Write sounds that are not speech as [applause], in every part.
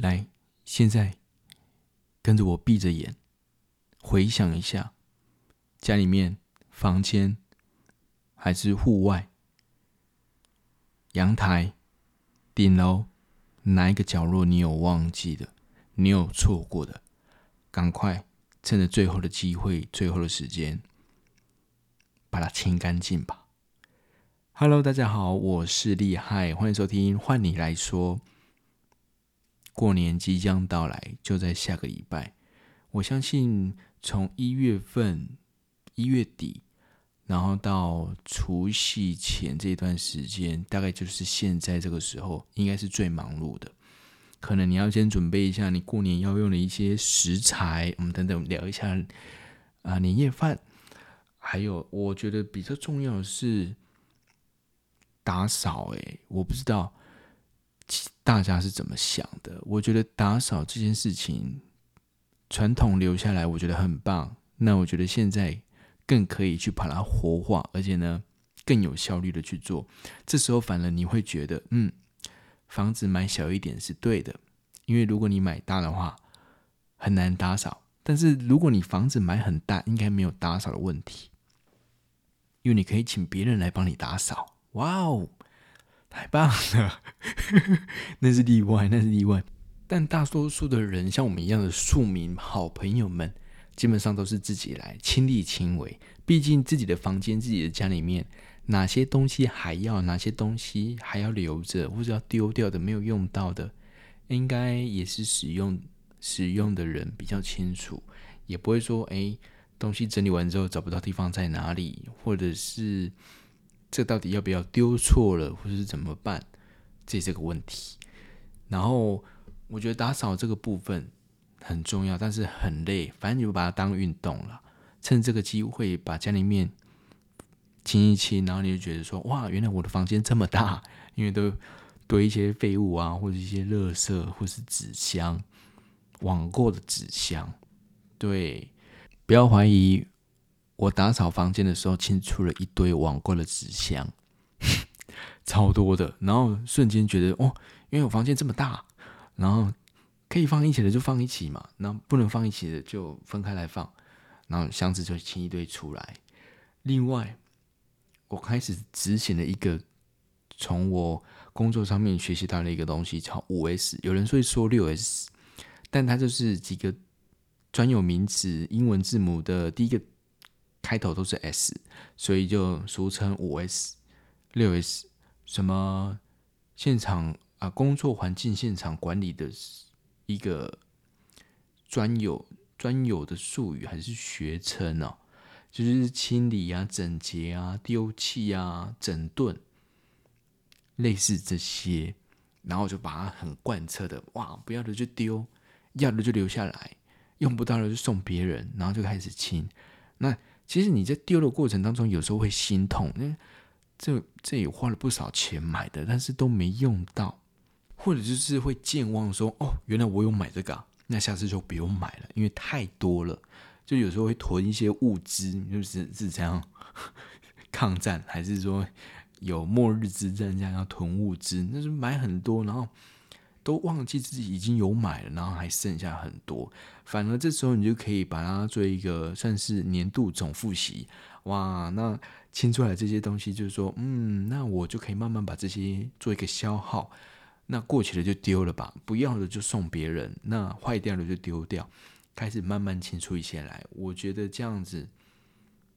來，現在跟着我閉着眼，回想一下，家裡面、房間，還是戶外、陽台、頂樓，哪一個角落你有忘記的，你有錯過的，趕快趁着最後的機會、最後的時間，把它清乾淨吧。Hello，大家好，我是厲害，歡迎收聽《換你來說》。過年即將到來，就在下個禮拜。我相信從一月份，一月底，然後到除夕前這段時間，大概就是現在這個時候，應該是最忙碌的。可能你要先準備一下你過年要，要用的一些食材，我們等等我們聊一下啊，年夜飯。還有，我覺得比較重要的是打掃。誒，我不知道。大家是怎麼想的？我覺得打掃這件事情，傳統留下來，我覺得很棒。那我覺得現在更可以去把它活化，而且呢，更有效率的去做。這時候，反而你會覺得，嗯，房子買小一點是對的，因為如果你買大的話，很難打掃。但是如果你房子買很大，應該沒有打掃的問題，因為你可以請別人來幫你打掃。哇哦！太棒了， [laughs] 那是例外，那是例外。但大多數的人像我們一樣的庶民好朋友們，基本上都是自己來親力親為。畢竟自己的房間、自己的家裡面，哪些東西還要，哪些東西還要留着，或者要丟掉的、沒有用到的，應該也是使用使用的人比較清楚，也不會說誒，東西整理完之後找不到地方在哪裡，或者是。這到底要不要丟錯了，或是怎麼辦？這這個問題。然後我覺得打掃這個部分很重要，但是很累。反正你就把它當運動了，趁這個機會把家裡面清一清，然後你就覺得說：哇，原來我的房間這麼大，因為都堆一些廢物啊，或者一些垃圾，或是紙箱、網購的紙箱。對，不要懷疑。我打掃房間的時候，清出了一堆網購的紙箱，超多的。然後瞬間覺得哦，因為我房間這麼大，然後可以放一起的就放一起嘛，然後不能放一起的就分開來放。然後箱子就清一堆出來。另外，我開始執行了一個從我工作上面學習到的一個東西，叫五 S。有人會說說六 S，但它就是幾個專有名詞英文字母的第一個。開頭都是 S，所以就俗稱五 S、六 S，什麼現場啊、呃、工作環境、現場管理的一個專有、專有的術語還是學稱呢、哦？就是清理啊、整潔啊、丟棄啊、整頓、啊，類似這些，然後就把它很貫徹的哇，不要的就丟，要的就留下來，用不到的就送別人，然後就開始清那。其實你在丟的過程當中，有時候會心痛，這這也花了不少錢買的，但是都沒用到，或者就是會健忘說，說哦，原來我有買這個，那下次就不用買了，因為太多了，就有時候會囤一些物資，就是是這樣，抗戰還是說有末日之戰這樣要囤物資，那就買很多，然後。都忘記自己已經有買了，然後還剩下很多。反而這時候你就可以把它做一個算是年度總複習，哇，那清出來這些東西，就是說，嗯，那我就可以慢慢把這些做一個消耗，那過去了就丟了吧，不要了就送別人，那壞掉了就丟掉，開始慢慢清出一些來。我覺得這樣子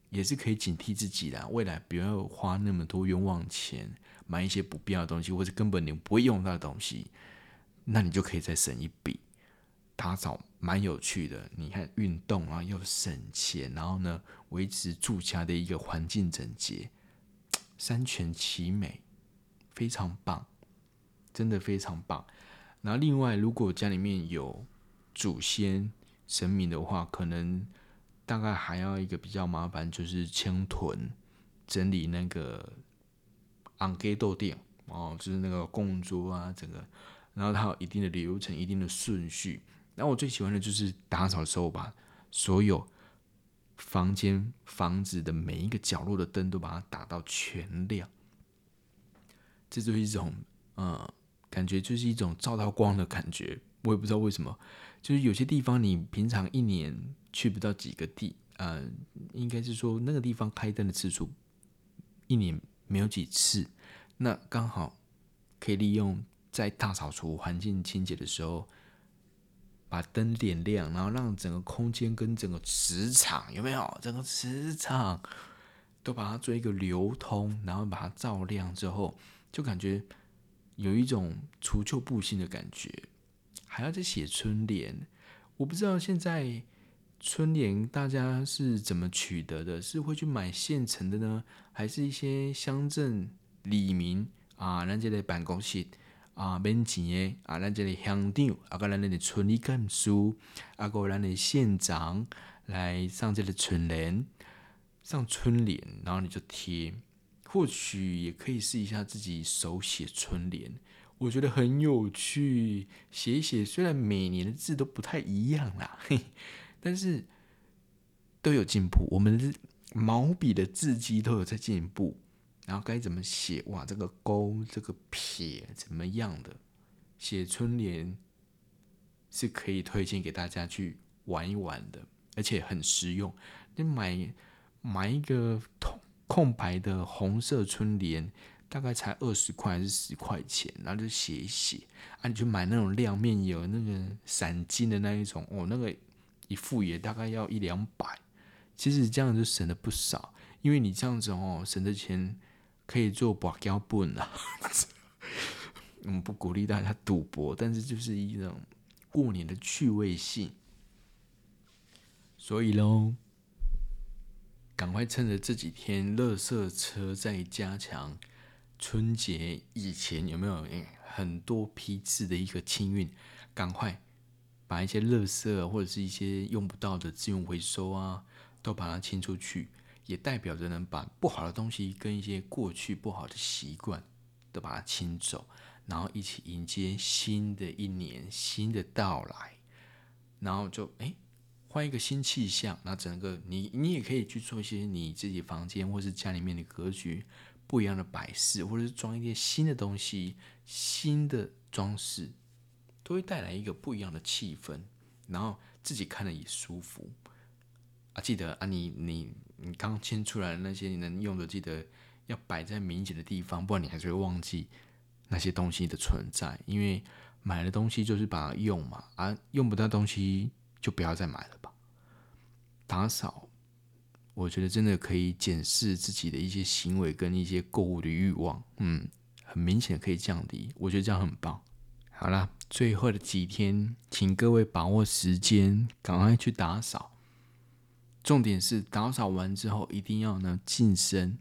也是可以警惕自己啦，未來，不要花那麼多冤枉錢買一些不必要的東西，或者根本你不會用到的東西。那你就可以再省一筆，打掃蠻有趣的。你看，運動啊，又省錢，然後呢，維持住家的一個環境整潔，三全其美，非常棒，真的非常棒。然後另外，如果家裡面有祖先神明的話，可能大概還要一個比較麻煩，就是清屯整理那個昂給斗墊哦，就是那個供桌啊，整個。然後它有一定的流程，一定的順序。那我最喜歡的就是打掃的時候，把所有房間、房子的每一個角落的燈都把它打到全亮。這就是一種，呃，感覺就是一種照到光的感覺。我也不知道為什麼，就是有些地方你平常一年去不到幾個地，呃，應該是說那個地方開燈的次數一年沒有幾次，那剛好可以利用，在大掃除、環境清潔的時候，把燈點亮，然後讓整個空間跟整個磁場有沒有？整個磁場都把它做一個流通，然後把它照亮之後，就感覺有一種除舊布新的感覺。還要再寫春聯，我不知道現在春聯大家是怎麼取得的，是會去買現成的呢，還是一些鄉鎮、里民啊那些的辦公室？啊，門前的啊，那這裡鄉長，啊，個咱這裡村里幹書，啊，個咱的縣長來上這個春聯，上春聯，然後你就貼。或許也可以試一下自己手寫春聯，我覺得很有趣，寫一寫。雖然每年的字都不太一樣啦，嘿，但是都有進步。我們毛筆的字跡都有在進步。然後該怎麼寫？哇，這個勾，這個撇，怎麼樣的？寫春聯是可以推薦給大家去玩一玩的，而且很實用。你買買一個空空白的紅色春聯，大概才二十塊還是十塊錢，然後就寫一寫。啊，你就買那種亮面有那個閃金的那一種哦，那個一副也大概要一兩百。其實這樣就省了不少，因為你這樣子哦，省的錢。可以做保鏢不啊，我們不鼓勵大家賭博，但是就是一種過年的趣味性。所以嘍，趕快趁着這幾天，垃圾車在加強，春節以前有沒有、欸、很多批次的一個清運？趕快把一些垃圾或者是一些用不到的資源回收啊，都把它清出去。也代表着能把不好的東西跟一些過去不好的習慣都把它清走，然後一起迎接新的一年，新的到來，然後就哎換一個新氣象。那整個你你也可以去做一些你自己房間或是家裡面的格局不一樣的擺飾，或者是裝一些新的東西、新的裝飾，都會帶來一個不一樣的氣氛，然後自己看了也舒服。啊，記得啊，你你你剛清出來的那些你能用的，記得要擺在明顯的地方，不然你還是會忘記那些東西的存在。因為買的東西就是把它用嘛，啊，用不到東西就不要再買了吧。打掃，我覺得真的可以檢視自己的一些行為跟一些購物的欲望，嗯，很明顯可以降低，我覺得這樣很棒。好啦，最後的幾天，請各位把握時間，趕快去打掃。重點是打掃完之後一定要呢，淨身，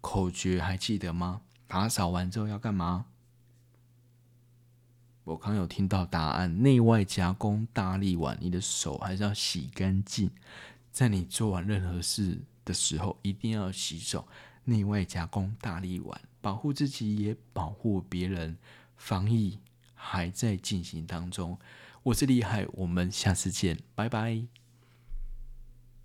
口訣還記得嗎？打掃完之後要幹嘛？我剛有聽到答案，內外夾攻大力丸。你的手還是要洗乾淨。在你做完任何事的時候，一定要洗手，內外夾攻大力丸，保護自己也保護別人。防疫還在進行當中，我是厲害，我們下次見，拜拜。